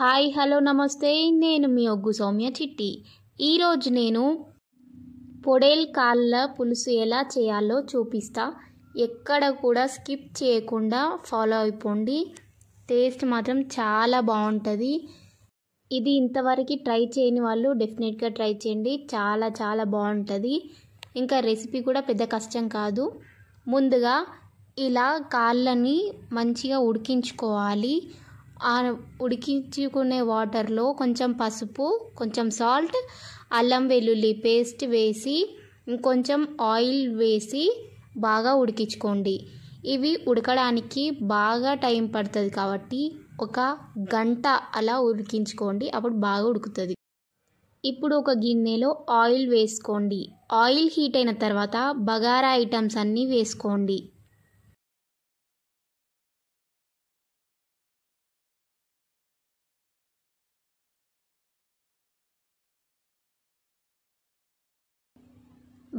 hi hello నమస్తే నేను మీ ఒగ్గు సౌమ్య చిట్టి ఈరోజు నేను పొడేల్ కాళ్ళ పులుసు ఎలా చేయాలో చూపిస్తా ఎక్కడ కూడా స్కిప్ చేయకుండా ఫాలో అయిపోండి టేస్ట్ మాత్రం చాలా బాగుంటుంది ఇది ఇంతవరకు ట్రై చేయని వాళ్ళు డెఫినెట్గా ట్రై చేయండి చాలా చాలా బాగుంటుంది ఇంకా రెసిపీ కూడా పెద్ద కష్టం కాదు ముందుగా ఇలా కాళ్ళని మంచిగా ఉడికించుకోవాలి ఆ ఉడికించుకునే వాటర్లో కొంచెం పసుపు కొంచెం సాల్ట్ అల్లం వెల్లుల్లి పేస్ట్ వేసి ఇంకొంచెం ఆయిల్ వేసి బాగా ఉడికించుకోండి ఇవి ఉడకడానికి బాగా టైం పడుతుంది కాబట్టి ఒక గంట అలా ఉడికించుకోండి అప్పుడు బాగా ఉడుకుతుంది ఇప్పుడు ఒక గిన్నెలో ఆయిల్ వేసుకోండి ఆయిల్ హీట్ అయిన తర్వాత బగారా ఐటమ్స్ అన్నీ వేసుకోండి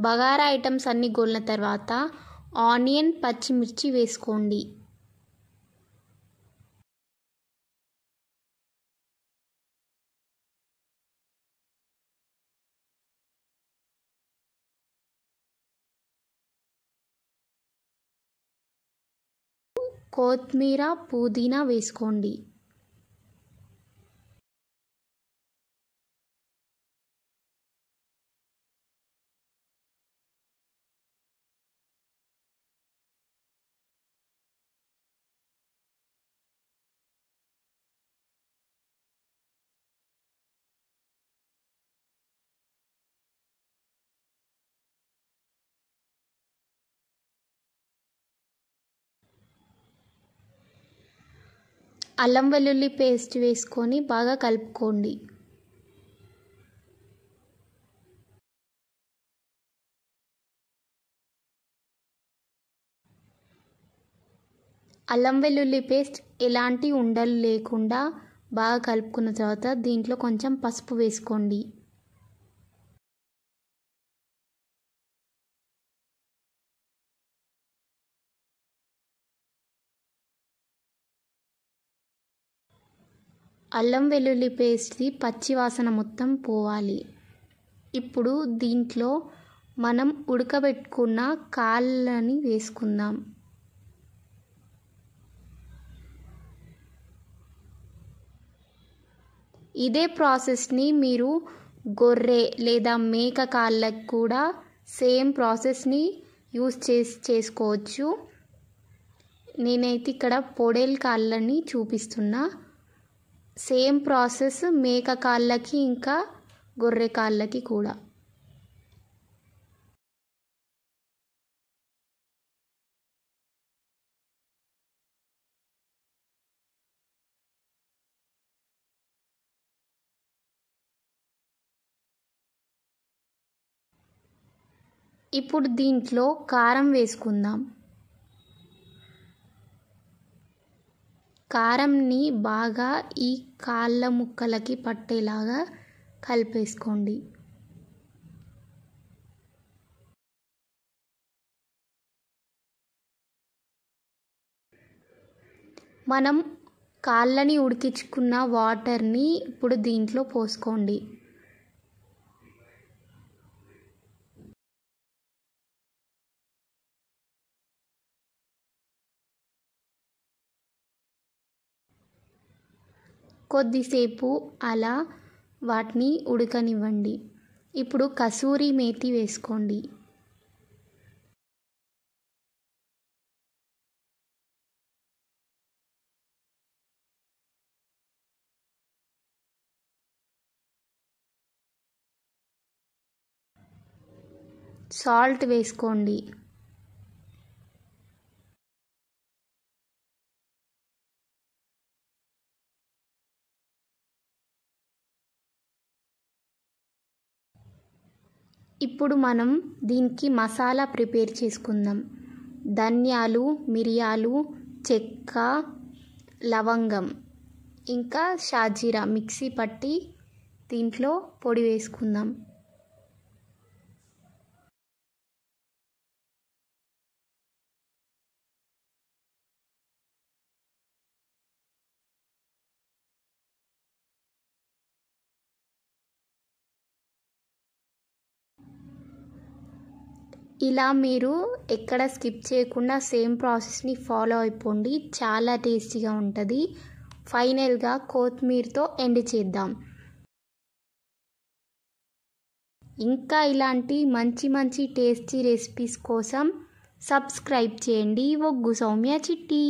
బగారా ఐటమ్స్ అన్నీ గోలిన తర్వాత ఆనియన్ పచ్చిమిర్చి వేసుకోండి కొత్తిమీర పుదీనా వేసుకోండి అల్లం వెల్లుల్లి పేస్ట్ వేసుకొని బాగా కలుపుకోండి అల్లం వెల్లుల్లి పేస్ట్ ఎలాంటి ఉండలు లేకుండా బాగా కలుపుకున్న తర్వాత దీంట్లో కొంచెం పసుపు వేసుకోండి అల్లం వెల్లుల్లి పేస్ట్ది పచ్చి వాసన మొత్తం పోవాలి ఇప్పుడు దీంట్లో మనం ఉడకబెట్టుకున్న కాళ్ళని వేసుకుందాం ఇదే ప్రాసెస్ని మీరు గొర్రె లేదా మేక కాళ్ళకు కూడా సేమ్ ప్రాసెస్ని యూస్ చేసి చేసుకోవచ్చు నేనైతే ఇక్కడ పొడేల్ కాళ్ళని చూపిస్తున్నా సేమ్ ప్రాసెస్ మేక కాళ్ళకి ఇంకా గొర్రె కాళ్ళకి కూడా ఇప్పుడు దీంట్లో కారం వేసుకుందాం కారంని బాగా ఈ కాళ్ళ ముక్కలకి పట్టేలాగా కలిపేసుకోండి మనం కాళ్ళని ఉడికించుకున్న వాటర్ని ఇప్పుడు దీంట్లో పోసుకోండి కొద్దిసేపు అలా వాటిని ఉడకనివ్వండి ఇప్పుడు కసూరి మేతి వేసుకోండి సాల్ట్ వేసుకోండి ఇప్పుడు మనం దీనికి మసాలా ప్రిపేర్ చేసుకుందాం ధనియాలు మిరియాలు చెక్క లవంగం ఇంకా షాజీరా మిక్సీ పట్టి దీంట్లో పొడి వేసుకుందాం ఇలా మీరు ఎక్కడ స్కిప్ చేయకుండా సేమ్ ప్రాసెస్ని ఫాలో అయిపోండి చాలా టేస్టీగా ఉంటుంది ఫైనల్గా కొత్తిమీరతో ఎండ్ చేద్దాం ఇంకా ఇలాంటి మంచి మంచి టేస్టీ రెసిపీస్ కోసం సబ్స్క్రైబ్ చేయండి ఒగ్గు సౌమ్య చిట్టి